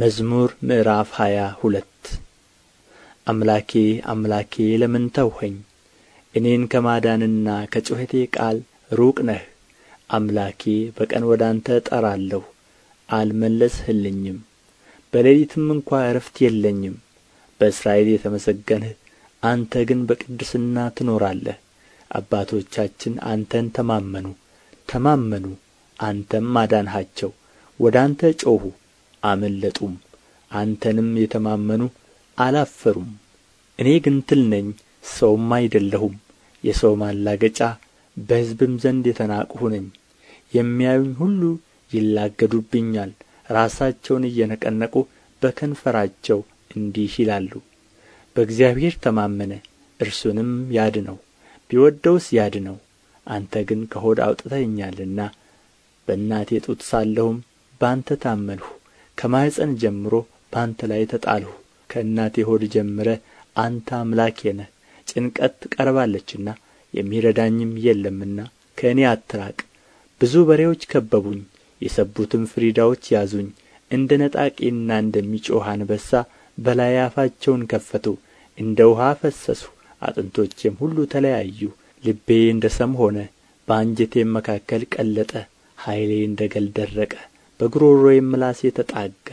መዝሙር ምዕራፍ ሃያ ሁለት አምላኬ አምላኬ ለምን ተውኸኝ እኔን ከማዳንና ከጩኸቴ ቃል ሩቅ ነህ አምላኬ በቀን ወደ አንተ እጠራለሁ አልመለስህልኝም በሌሊትም እንኳ እረፍት የለኝም በእስራኤል የተመሰገንህ አንተ ግን በቅድስና ትኖራለህ አባቶቻችን አንተን ተማመኑ ተማመኑ አንተም አዳንሃቸው ወደ አንተ ጮኹ አመለጡም አንተንም የተማመኑ አላፈሩም እኔ ግን ትል ነኝ ሰውም አይደለሁም የሰው ማላገጫ በሕዝብም ዘንድ የተናቅሁ ነኝ የሚያዩኝ ሁሉ ይላገዱብኛል ራሳቸውን እየነቀነቁ በከንፈራቸው እንዲህ ይላሉ በእግዚአብሔር ተማመነ እርሱንም ያድነው ቢወደውስ ያድነው አንተ ግን ከሆድ አውጥተኸኛልና በእናቴ ጡት ሳለሁም በአንተ ታመንሁ ከማኅፀን ጀምሮ በአንተ ላይ ተጣልሁ ከእናቴ ሆድ ጀምረህ አንተ አምላኬ ነህ ጭንቀት ትቀርባለችና የሚረዳኝም የለምና ከእኔ አትራቅ ብዙ በሬዎች ከበቡኝ የሰቡትም ፍሪዳዎች ያዙኝ እንደ ነጣቂና እንደሚጮኽ አንበሳ በላይ አፋቸውን ከፈቱ እንደ ውኃ ፈሰሱ አጥንቶቼም ሁሉ ተለያዩ ልቤ እንደ ሰም ሆነ በአንጀቴም መካከል ቀለጠ ኃይሌ እንደ ገል ደረቀ በጉሮሮዬም ምላሴ ተጣጋ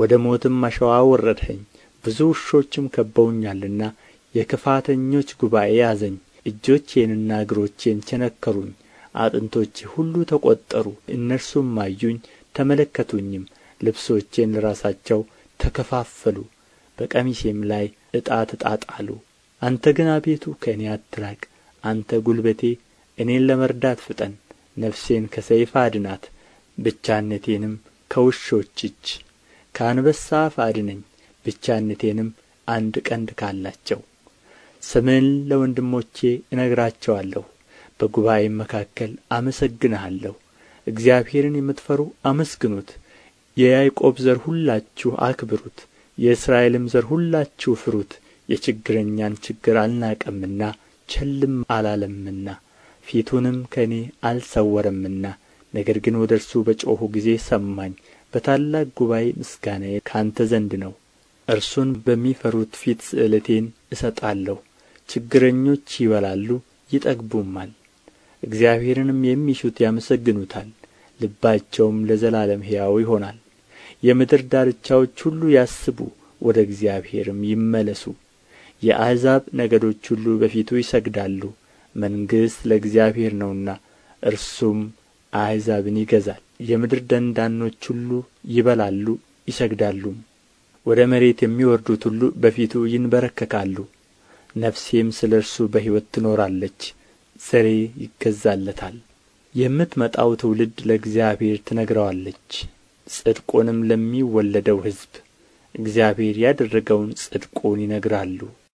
ወደ ሞትም አሸዋ ወረድኸኝ፣ ብዙ ውሾችም ከበውኛልና የክፋተኞች ጉባኤ ያዘኝ እጆቼንና እግሮቼን ቸነከሩኝ አጥንቶቼ ሁሉ ተቈጠሩ እነርሱም አዩኝ ተመለከቱኝም ልብሶቼን ለራሳቸው ተከፋፈሉ በቀሚሴም ላይ ዕጣ ተጣጣሉ አንተ ግን አቤቱ ከእኔ አትራቅ አንተ ጉልበቴ እኔን ለመርዳት ፍጠን ነፍሴን ከሰይፍ አድናት ብቻነቴንም ከውሾች እጅ ከአንበሳ አፍ አድነኝ ብቻነቴንም አንድ ቀንድ ካላቸው ስምህን ለወንድሞቼ እነግራቸዋለሁ በጉባኤም መካከል አመሰግንሃለሁ እግዚአብሔርን የምትፈሩ አመስግኑት የያዕቆብ ዘር ሁላችሁ አክብሩት የእስራኤልም ዘር ሁላችሁ ፍሩት የችግረኛን ችግር አልናቀምና ቸልም አላለምና ፊቱንም ከእኔ አልሰወረምና ነገር ግን ወደ እርሱ በጮኹ ጊዜ ሰማኝ በታላቅ ጉባኤ ምስጋናዬ ካንተ ዘንድ ነው እርሱን በሚፈሩት ፊት ስእለቴን እሰጣለሁ ችግረኞች ይበላሉ ይጠግቡማል እግዚአብሔርንም የሚሹት ያመሰግኑታል ልባቸውም ለዘላለም ሕያው ይሆናል የምድር ዳርቻዎች ሁሉ ያስቡ ወደ እግዚአብሔርም ይመለሱ የአሕዛብ ነገዶች ሁሉ በፊቱ ይሰግዳሉ መንግሥት ለእግዚአብሔር ነውና እርሱም አሕዛብን ይገዛል የምድር ደንዳኖች ሁሉ ይበላሉ ይሰግዳሉም ወደ መሬት የሚወርዱት ሁሉ በፊቱ ይንበረከካሉ ነፍሴም ስለ እርሱ በሕይወት ትኖራለች ዘሬ ይገዛለታል የምትመጣው ትውልድ ለእግዚአብሔር ትነግረዋለች ጽድቁንም ለሚወለደው ሕዝብ እግዚአብሔር ያደረገውን ጽድቁን ይነግራሉ